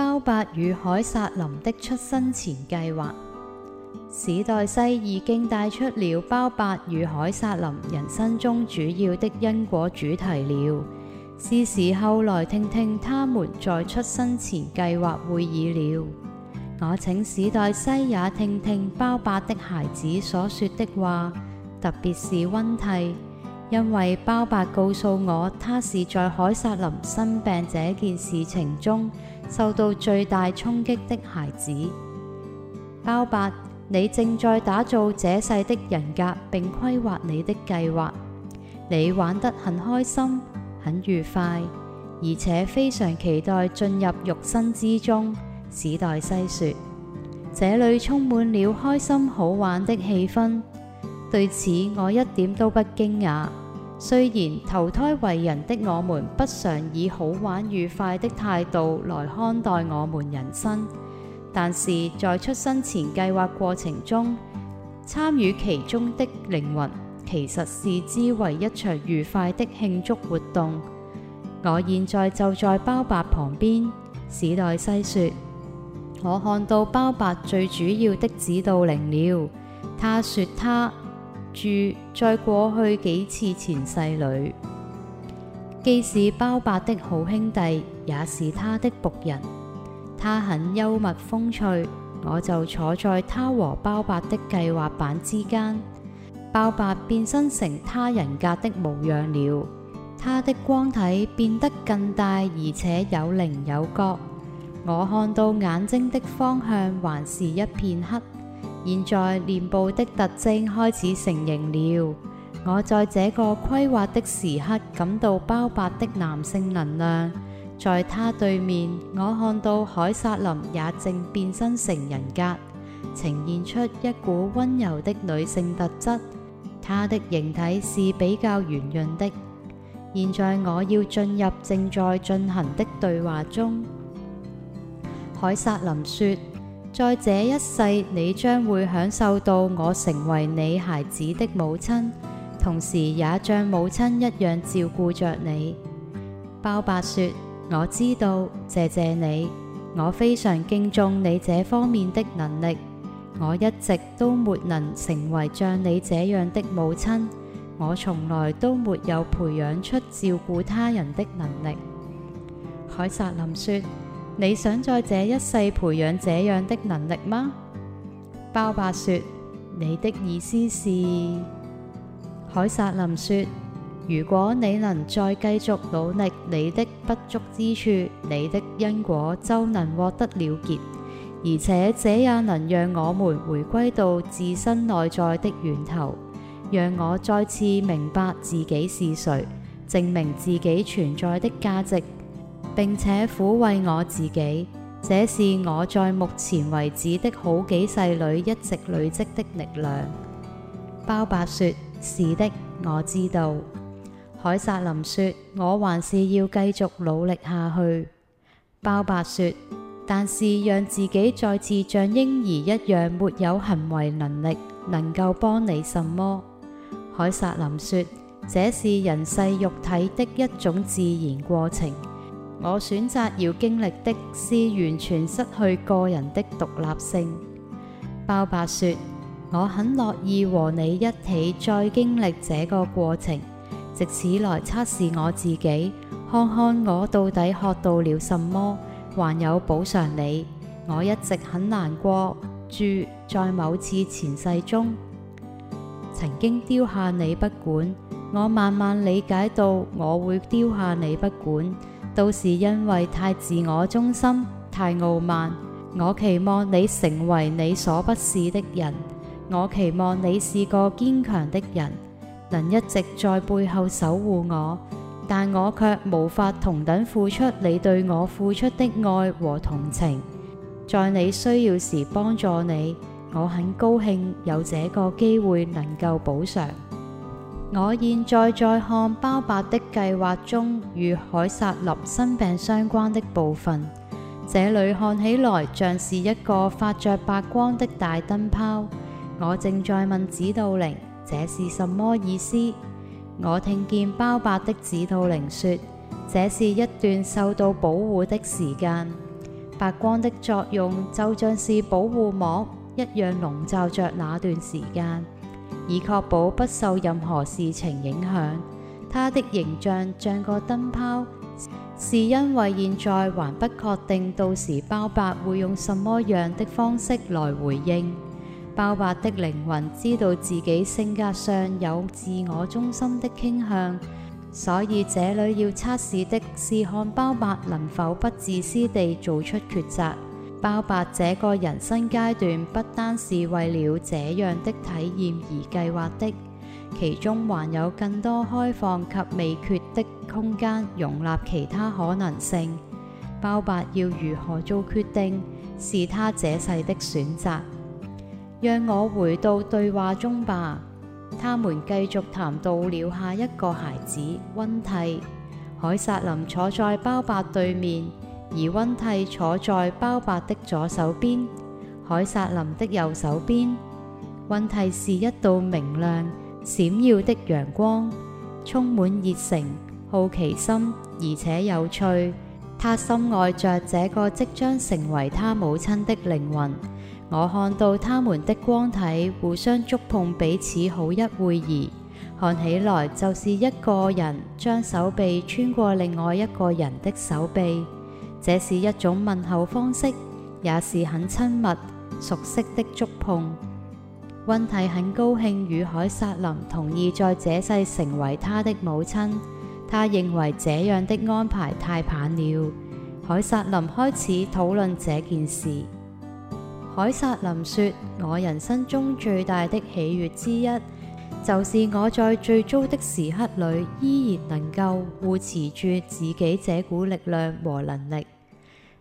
鮑伯與凱薩琳的出生前計劃，史黛西已經帶出了鮑伯與凱薩琳人生中主要的因果主題了。是時候來聽聽他們在出生前計劃會議了。我請史黛西也聽聽鮑伯的孩子所說的話，特別是溫蒂，因為鮑伯告訴我，他是在凱薩琳生病這件事情中。受到最大衝擊的孩子，鮑伯，你正在打造這世的人格，並規劃你的計劃。你玩得很開心，很愉快，而且非常期待進入肉身之中。史黛西說，這裏充滿了開心好玩的氣氛，對此我一點都不驚訝。雖然投胎為人的我們不常以好玩愉快的態度來看待我們人生，但是在出生前計劃過程中參與其中的靈魂，其實視之為一場愉快的慶祝活動。我現在就在鮑伯旁邊，史黛西說：我看到鮑伯最主要的指導靈了，他說他住，在過去幾次前世裏，既是鮑伯的好兄弟，也是他的僕人。他很幽默風趣，我就坐在他和鮑伯的計劃板之間。鮑伯變身成他人格的模樣了，他的光體變得更大，而且有稜有角。我看到眼睛的方向還是一片黑。現在臉部的特徵開始成形了。我在這個規劃的時刻感到鮑伯的男性能量。在他對面，我看到凱薩琳也正變身成人格，呈現出一股溫柔的女性特質。她的形體是比較圓潤的。現在我要進入正在進行的對話中。凱薩琳說。在這一世，你將會享受到我成為你孩子的母親，同時也像母親一樣照顧着你。鮑伯說：我知道，謝謝你，我非常敬重你這方面的能力。我一直都沒能成為像你這樣的母親，我從來都沒有培養出照顧他人的能力。凱薩琳說。你想在這一世培養這樣的能力嗎？鮑伯說：你的意思是？凱薩琳說：如果你能再繼續努力，你的不足之處，你的因果就能獲得了結，而且這也能讓我們回歸到自身內在的源頭，讓我再次明白自己是誰，證明自己存在的價值。並且撫慰我自己，這是我在目前為止的好幾世裏一直累積的力量。鮑伯說：是的，我知道。凱薩琳說：我還是要繼續努力下去。鮑伯說：但是讓自己再次像嬰兒一樣沒有行為能力能夠幫，能夠幫你什麼？凱薩琳說：這是人世肉體的一種自然過程。我選擇要經歷的是完全失去個人的獨立性。鮑伯說：我很樂意和你一起再經歷這個過程，藉此來測試我自己，看看我到底學到了什麼，還有補償你。我一直很難過，住在某次前世中，曾經丟下你不管，我慢慢理解到我會丟下你不管，都是因為太自我中心、太傲慢。我期望你成為你所不是的人，我期望你是個堅強的人，能一直在背後守護我。但我卻無法同等付出你對我付出的愛和同情，在你需要時幫助你。我很高興有這個機會能夠補償。我現在在看鮑伯的計劃中與凱薩琳生病相關的部分，這裏看起來像是一個發着白光的大燈泡。我正在問指導靈這是什麼意思。我聽見鮑伯的指導靈說，這是一段受到保護的時間。白光的作用就像是保護膜一樣籠罩着，着那段時間。以確保不受任何事情影響，他的形象像個燈泡，是因為現在還不確定到時鮑伯會用什麼樣的方式來回應。鮑伯的靈魂知道自己性格上有自我中心的傾向，所以這裏要測試的是看鮑伯能否不自私地做出抉擇。鮑伯這個人生階段不單是為了這樣的體驗而計劃的，其中還有更多開放及未決的空間，容納其他可能性。鮑伯要如何做決定，是他這世的選擇。讓我回到對話中吧，他們繼續談到了下一個孩子溫蒂。凱薩琳坐在鮑伯對面。而溫蒂坐在包伯的左手邊，凱薩琳的右手邊。溫蒂是一道明亮閃耀的陽光，充滿熱誠、好奇心而且有趣。她深愛着這個即將成為她母親的靈魂。我看到他們的光體互相觸碰，彼此好一會兒，看起來就是一個人將手臂穿過另外一個人的手臂。這是一種問候方式，也是很親密、熟悉的觸碰。溫蒂很高興與凱薩琳同意在這世成為她的母親。她認為這樣的安排太棒了。凱薩琳開始討論這件事。凱薩琳說：我人生中最大的喜悅之一。就是我在最糟的時刻裏，依然能夠護持住自己這股力量和能力。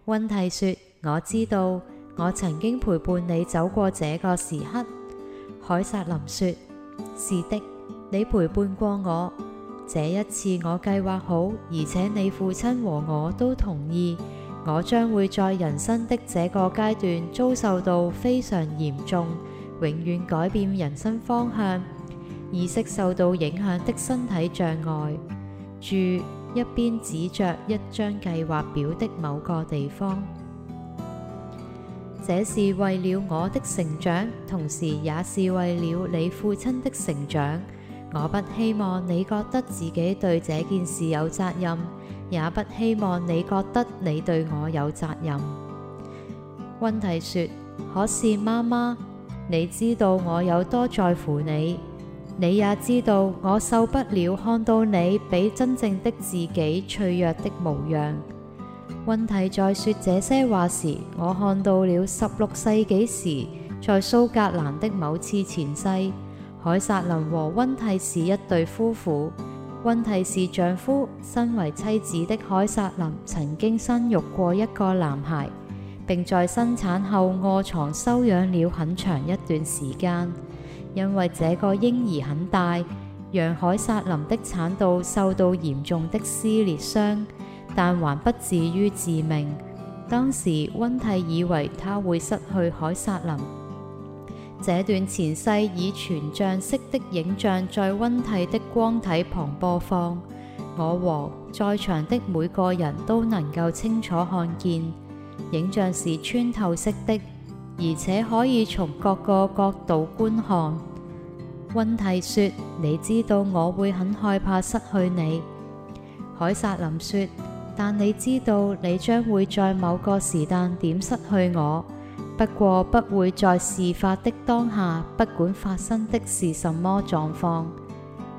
溫蒂說，我知道我曾經陪伴你走過這個時刻。凱薩琳說：是的，你陪伴過我。這一次我計劃好，而且你父親和我都同意，我將會在人生的這個階段遭受到非常嚴重，永遠改變人生方向。意識受到影響的身體障礙。住一邊，指着一張計劃表的某個地方。這是為了我的成長，同時也是為了你父親的成長。我不希望你覺得自己對這件事有責任，也不希望你覺得你對我有責任。溫蒂說：「可是媽媽，你知道我有多在乎你。」你也知道，我受不了看到你比真正的自己脆弱的模樣。温蒂在說這些話時，我看到了十六世紀時在蘇格蘭的某次前世，凱撒琳和温蒂是一對夫婦。温蒂是丈夫，身為妻子的凱撒琳曾經生育過一個男孩，並在生產後臥床休養了很長一段時間。因為這個嬰兒很大，讓凱薩琳的產道受到嚴重的撕裂傷，但還不至於致命。當時温蒂以為她會失去凱薩琳。這段前世以全像式的影像在温蒂的光體旁播放，我和在場的每個人都能夠清楚看見。影像是穿透式的。而且可以從各個角度觀看。温蒂說：你知道我會很害怕失去你。凱薩琳說：但你知道你將會在某個時間點失去我，不過不會在事發的當下，不管發生的是什麼狀況。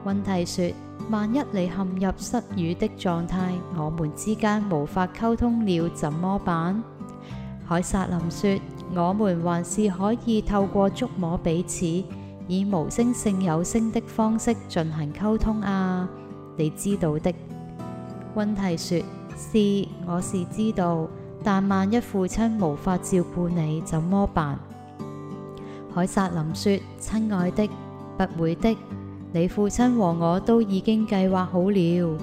温蒂說：萬一你陷入失語的狀態，我們之間無法溝通了，怎麼辦？凱薩琳說。我們還是可以透過觸摸彼此，以無聲勝有聲的方式進行溝通啊！你知道的。溫蒂說：是，我是知道，但萬一父親無法照顧你怎麼辦？凱薩琳說：親愛的，不會的，你父親和我都已經計劃好了，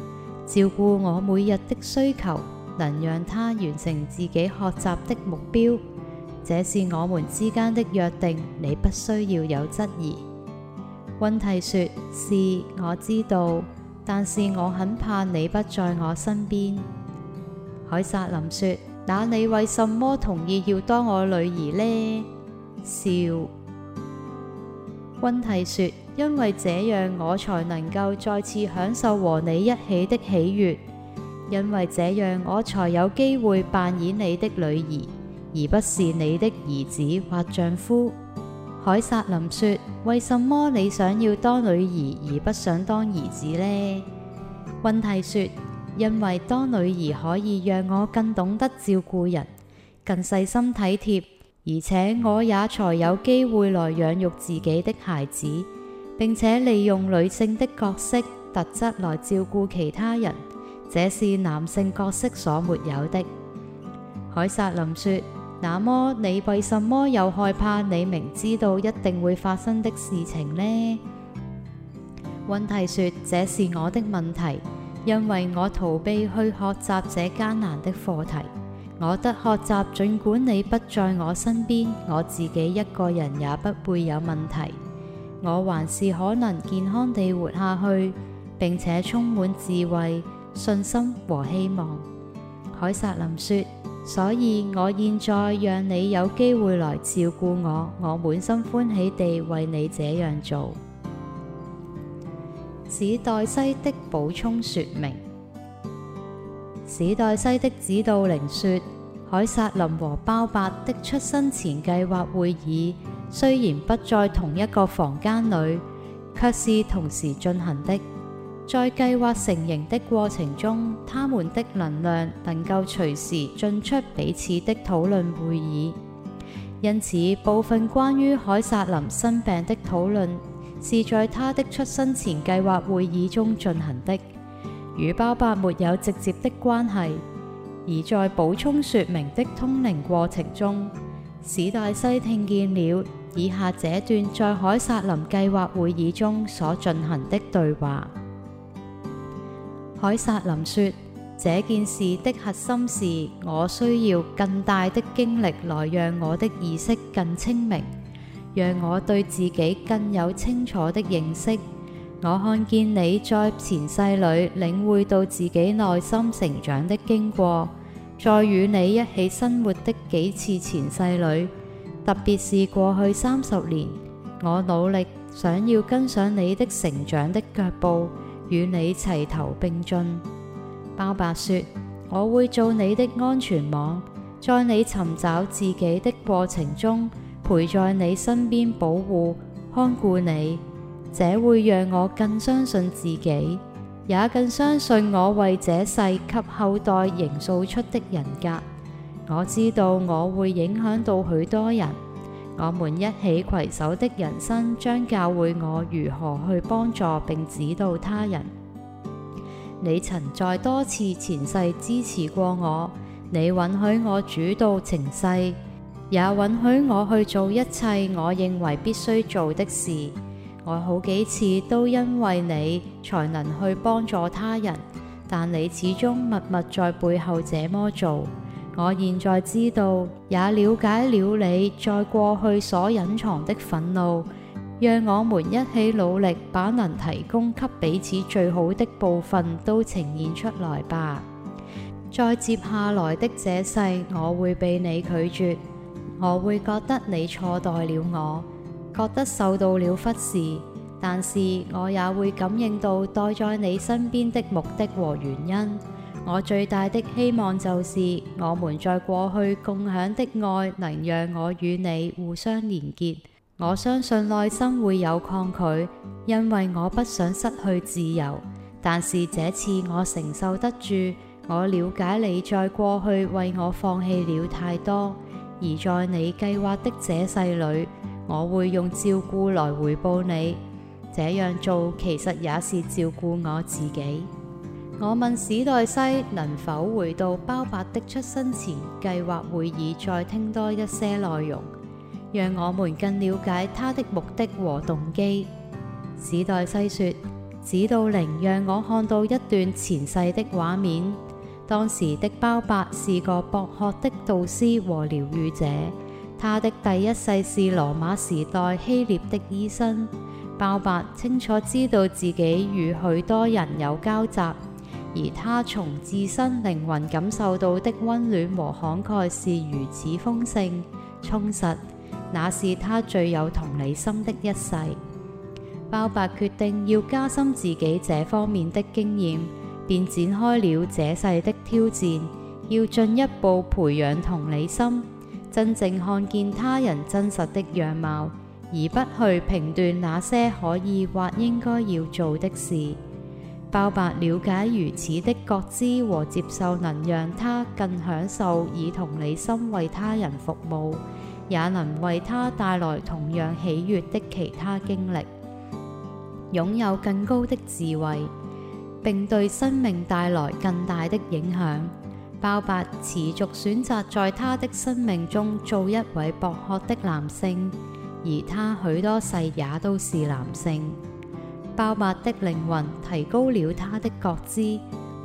照顧我每日的需求，能讓他完成自己學習的目標。這是我們之間的約定，你不需要有質疑。溫蒂說：是，我知道，但是我很怕你不在我身邊。凱薩琳說：那你為什麼同意要當我女兒呢？笑。溫蒂說：因為這樣我才能夠再次享受和你一起的喜悦，因為這樣我才有機會扮演你的女兒。而不是你的兒子或丈夫。凱薩琳說：為什麼你想要當女兒而不想當兒子呢？問題說：因為當女兒可以讓我更懂得照顧人，更細心體貼，而且我也才有機會來養育自己的孩子，並且利用女性的角色特質來照顧其他人，這是男性角色所沒有的。凱薩琳說。那麼你為什麼又害怕你明知道一定會發生的事情呢？溫蒂說：這是我的問題，因為我逃避去學習這艱難的課題。我得學習，儘管你不在我身邊，我自己一個人也不會有問題。我還是可能健康地活下去，並且充滿智慧、信心和希望。凱薩琳說。所以我現在讓你有機會來照顧我，我滿心歡喜地為你這樣做。史黛西的補充說明，史黛西的指導靈說，凱薩琳和鮑伯的出生前計劃會議雖然不在同一個房間裏，卻是同時進行的。在計劃成形的過程中，他們的能量能夠隨時進出彼此的討論會議，因此部分關於凱薩琳生病的討論是在他的出生前計劃會議中進行的，與鮑伯沒有直接的關係。而在補充說明的通靈過程中，史黛西聽見了以下這段在凱薩琳計劃會議中所進行的對話。凱薩琳說：這件事的核心是我需要更大的經歷，來讓我的意識更清明，讓我對自己更有清楚的認識。我看見你在前世裏領會到自己內心成長的經過，在與你一起生活的幾次前世裏，特別是過去三十年，我努力想要跟上你的成長的腳步。與你齊頭並進，鮑伯說：我會做你的安全網，在你尋找自己的過程中，陪在你身邊保護、看顧你。這會讓我更相信自己，也更相信我為這世及後代營造出的人格。我知道我會影響到許多人。我們一起攜手的人生，將教會我如何去幫助並指導他人。你曾在多次前世支持過我，你允許我主導情勢，也允許我去做一切我認為必須做的事。我好幾次都因為你才能去幫助他人，但你始終默默在背後這麼做。我現在知道，也了解了你在過去所隱藏的憤怒。讓我們一起努力，把能提供給彼此最好的部分都呈現出來吧。在接下來的這世，我會被你拒絕，我會覺得你錯待了我，覺得受到了忽視。但是，我也會感應到待在你身邊的目的和原因。我最大的希望就是，我們在過去共享的愛能讓我與你互相連結，我相信內心會有抗拒，因為我不想失去自由。但是這次我承受得住。我了解你在過去為我放棄了太多，而在你計劃的這世裡，我會用照顧來回報你。這樣做其實也是照顧我自己。我問史黛西能否回到鮑伯的出生前計劃會議，再聽多一些內容，讓我們更了解他的目的和動機。史黛西說，指導靈讓我看到一段前世的畫面，當時的鮑伯是個博學的導師和療癒者。他的第一世是羅馬時代希臘的醫生。鮑伯清楚知道自己與許多人有交集。而他從自身靈魂感受到的溫暖和慷慨是如此豐盛充實，那是他最有同理心的一世。鮑伯決定要加深自己這方面的經驗，便展開了這世的挑戰，要進一步培養同理心，真正看見他人真實的樣貌，而不去評斷那些可以或應該要做的事。鮑伯了解如此的覺知和接受，能讓他更享受以同理心為他人服務，也能為他帶來同樣喜悦的其他經歷，擁有更高的智慧，並對生命帶來更大的影響。鮑伯持續選擇在他的生命中做一位博學的男性，而他許多世也都是男性。鮑伯的靈魂提高了他的覺知，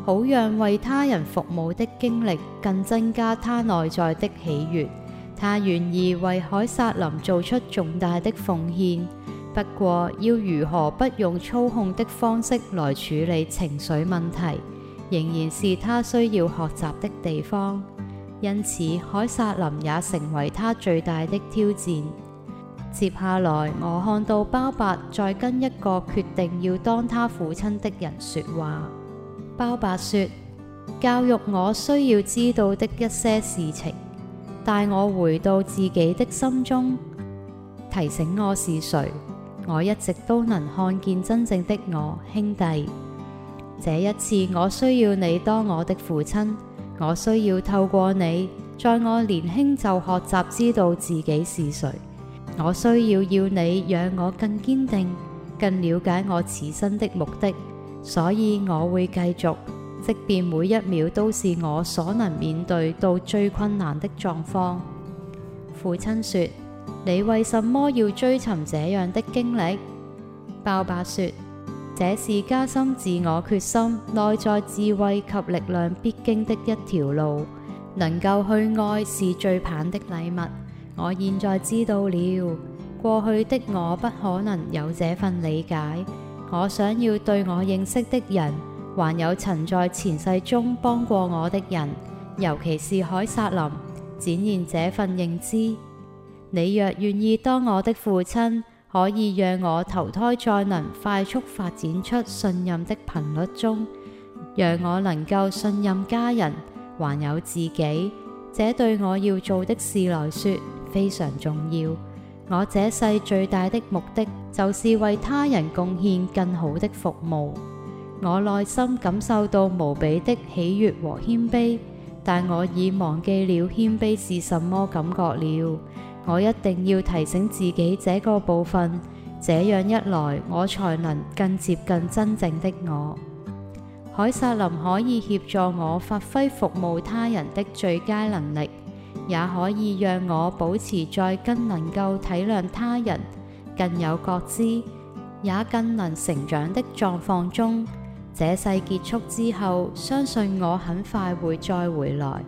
好讓為他人服務的經歷更增加他內在的喜悦。他願意為凱薩琳做出重大的奉獻，不過要如何不用操控的方式來處理情緒問題，仍然是他需要學習的地方。因此，凱薩琳也成為他最大的挑戰。接下來我看到鮑伯在跟一個決定要當他父親的人說話。鮑伯說：教育我需要知道的一些事情，帶我回到自己的心中，提醒我是誰。我一直都能看見真正的我，兄弟。這一次我需要你當我的父親，我需要透過你，在我年輕就學習知道自己是誰。我需要要你讓我更堅定、更了解我此生的目的，所以我會繼續，即便每一秒都是我所能面對到最困難的狀況。父親說：你為什麼要追尋這樣的經歷？鮑伯說：這是加深自我決心、內在智慧及力量必經的一條路。能夠去愛是最棒的禮物。我現在知道了，過去的我不可能有這份理解。我想要對我認識的人，還有曾在前世中幫過我的人，尤其是凱薩琳，展現這份認知。你若願意當我的父親，可以讓我投胎，再能快速發展出信任的頻率中，讓我能夠信任家人，還有自己。這對我要做的事來說。非常重要。我這世最大的目的就是為他人貢獻更好的服務。我內心感受到無比的喜悅和謙卑，但我已忘記了謙卑是什麼感覺了。我一定要提醒自己這個部分，這樣一來我才能更接近真正的我。凱薩琳可以協助我發揮服務他人的最佳能力。也可以讓我保持在更能夠體諒他人、更有覺知，也更能成長的狀況中。這世結束之後，相信我很快會再回來，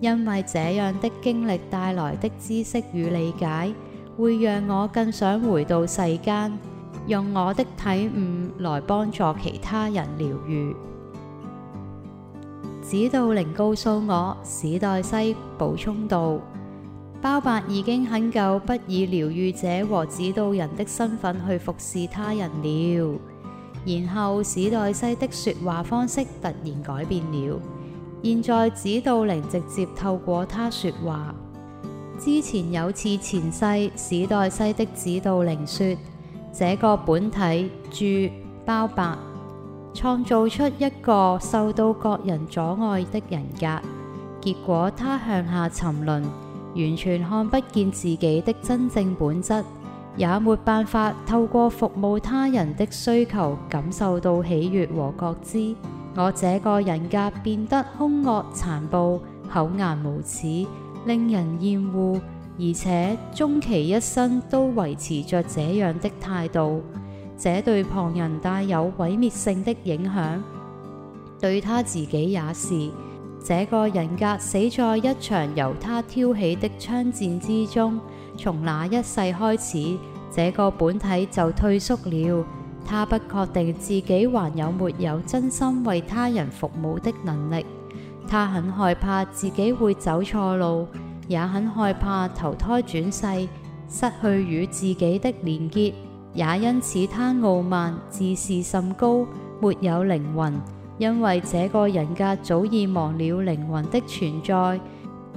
因為這樣的經歷帶來的知識與理解，會讓我更想回到世間，用我的體悟來幫助其他人療癒。指導靈告訴我，史黛西補充道：鮑伯已經很久不以療癒者和指導人的身份去服侍他人了。然後史黛西的說話方式突然改變了，現在指導靈直接透過他說話。之前有次前世，史黛西的指導靈說：這個本體住鮑伯，創造出一個受到各人阻礙的人格，結果他向下沉淪，完全看不見自己的真正本質，也沒辦法透過服務他人的需求感受到喜悅和覺知。我這個人格變得凶惡殘暴、厚顏無恥，令人厭惡，而且終其一生都維持着這樣的態度。這對旁人帶有毀滅性的影響，對他自己也是。這個人格死在一場由他挑起的槍戰之中。從那一世開始，這個本體就退縮了。他不確定自己還有沒有真心為他人服務的能力。他很害怕自己會走錯路，也很害怕投胎轉世，失去與自己的連結。也因此，他傲慢、自視甚高，沒有靈魂。因為這個人格早已忘了靈魂的存在，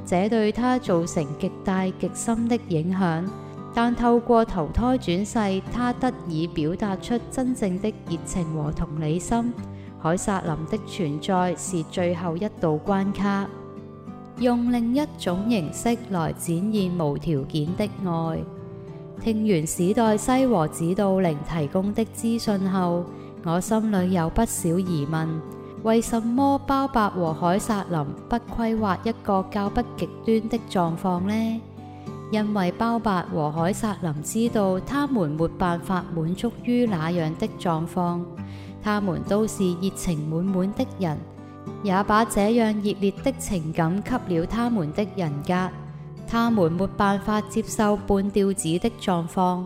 這對他造成極大極深的影響。但透過投胎轉世，他得以表達出真正的熱情和同理心。凱薩琳的存在是最後一道關卡，用另一種形式來展現無條件的愛。聽完史黛西和指導靈提供的資訊後，我心裏有不少疑問：為什麼鮑伯和凱薩琳不規劃一個較不極端的狀況呢？因為鮑伯和凱薩琳知道他們沒辦法滿足於那樣的狀況，他們都是熱情滿滿的人，也把這樣熱烈的情感給了他們的人格。他們沒辦法接受半吊子的狀況。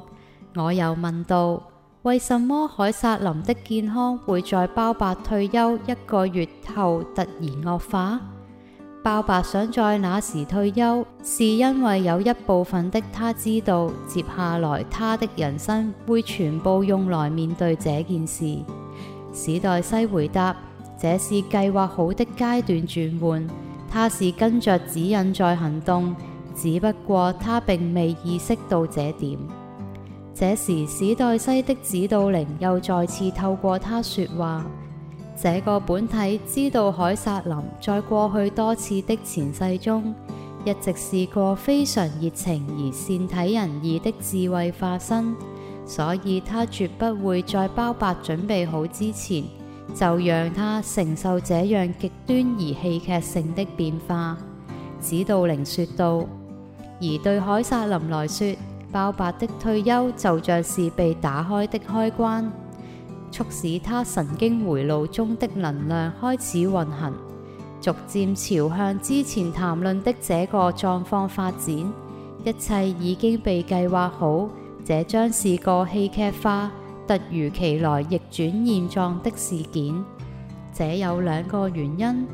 我又問道：為什麼凱薩琳的健康會在鮑伯退休一個月後突然惡化？鮑伯想在那時退休，是因為有一部分的他知道，接下來他的人生會全部用來面對這件事。史黛西回答：這是計劃好的階段轉換，他是跟着指引在行動。只不過他並未意識到這點。這時史黛西的指導靈又再次透過他說話。這個本體知道凱薩琳在過去多次的前世中，一直是個非常熱情而善體人意的智慧化身，所以他絕不會在鮑伯準備好之前就讓他承受這樣極端而戲劇性的變化。指導靈說道。而對凱薩琳來說，鮑伯的退休就像是被打開的開關，促使他神經回路中的能量開始運行，逐漸朝向之前談論的這個狀況發展。一切已經被計劃好，這將是個戲劇化、突如其來、逆轉現狀的事件。這有兩個原因，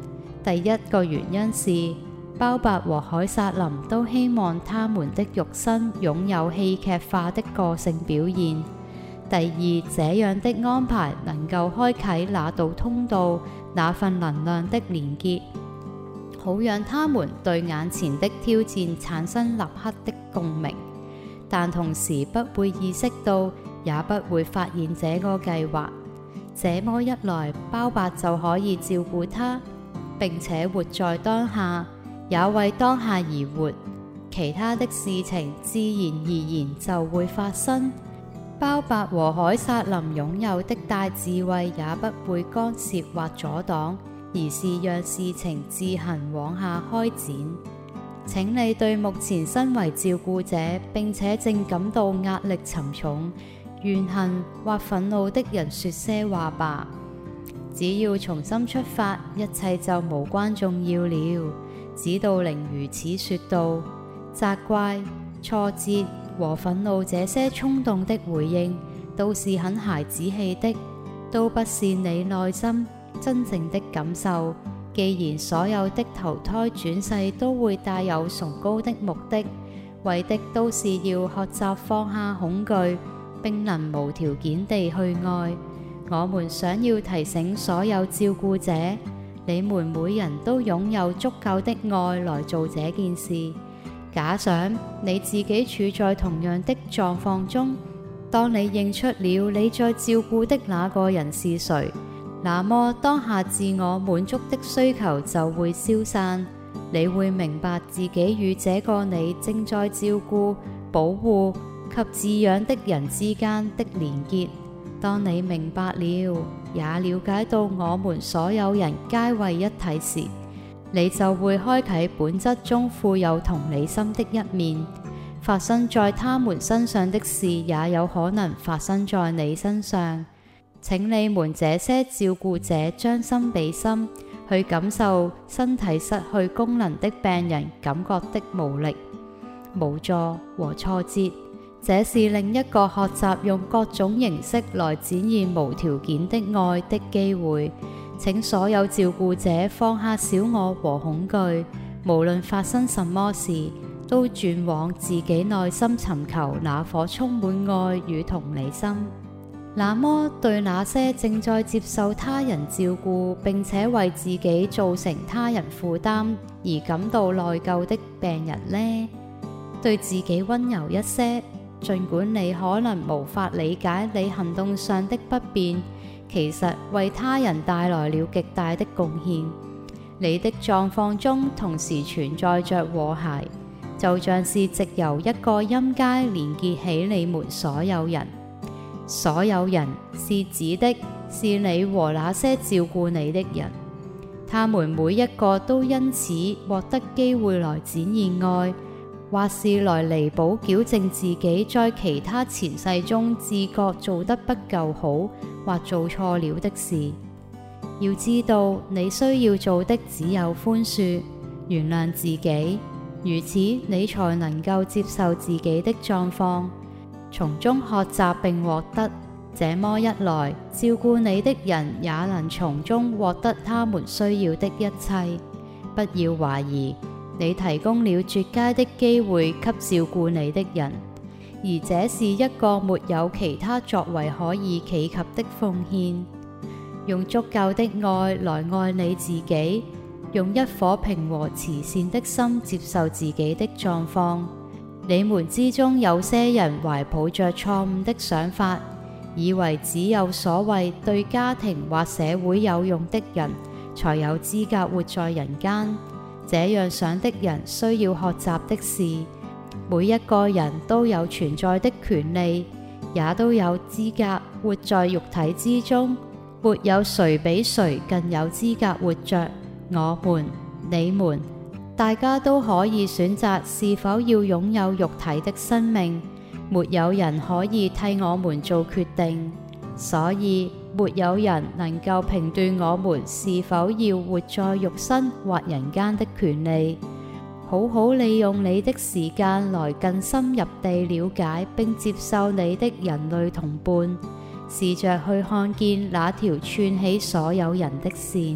第一個原因是。鮑伯和凱薩琳都希望他們的肉身擁有戲劇化的個性表現。第二，這樣的安排能夠開啟那道通道，那份能量的連結，好讓他們對眼前的挑戰產生立刻的共鳴，但同時不會意識到，也不會發現這個計劃。這麼一來，鮑伯就可以照顧他，並且活在當下。也為當下而活，其他的事情自然而然就會發生。鮑伯和凱薩琳擁有的大智慧也不會干涉或阻擋，而是讓事情自行往下開展。請你對目前身為照顧者，並且正感到壓力沉重、怨恨或憤怒的人說些話吧。只要重新出發，一切就無關重要了。指導靈如此說道：責怪、挫折和憤怒這些衝動的回應，都是很孩子氣的，都不是你內心真正的感受。既然所有的投胎轉世都會帶有崇高的目的，為的都是要學習放下恐懼，並能無條件地去愛。我們想要提醒所有照顧者。你們每人都擁有足夠的愛來做這件事。假想你自己處在同樣的狀況中，當你認出了你在照顧的那個人是誰，那麼當下自我滿足的需求就會消散。你會明白自己與這個你正在照顧、保護及滋養的人之間的連結。當你明白了，也了解到我們所有人皆為一體時，你就會開啟本質中富有同理心的一面。發生在他們身上的事，也有可能發生在你身上。請你們這些照顧者將心比心，去感受身體失去功能的病人感覺的無力、無助和挫折。這是另一個學習用各種形式來展現無條件的愛的機會。請所有照顧者放下小我和恐懼，無論發生什麼事，都轉往自己內心尋求那顆充滿愛與同理心。那麼對那些正在接受他人照顧並且為自己造成他人負擔而感到內疚的病人呢？對自己温柔一些。儘管你可能無法理解你行動上的不便，其實為他人帶來了極大的貢獻。你的狀況中同時存在着和諧，就像是藉由一個音階連結起你們所有人。所有人是指的，是你和那些照顧你的人，他們每一個都因此獲得機會來展現愛，或是來彌補、矯正自己在其他前世中自覺做得不夠好或做錯了的事。要知道你需要做的只有寬恕、原諒自己，如此你才能夠接受自己的狀況，從中學習並獲得。這麼一來，照顧你的人也能從中獲得他們需要的一切。不要懷疑。你提供了絕佳的機會給照顧你的人，而這是一個沒有其他作為可以企及的奉獻。用足夠的愛來愛你自己，用一顆平和慈善的心接受自己的狀況。你們之中有些人懷抱着錯誤的想法，以為只有所謂對家庭或社會有用的人，才有資格活在人間。這樣想的人需要學習的是，每一個人都有存在的權利，也都有資格活在肉體之中。沒有誰比誰更有資格活着。我們、你們，大家都可以選擇是否要擁有肉體的生命。沒有人可以替我們做決定。所以，沒有人能夠評斷我們是否要活在肉身或人間的權利。好好利用你的時間，來更深入地了解並接受你的人類同伴，試着去看見那條串起所有人的線。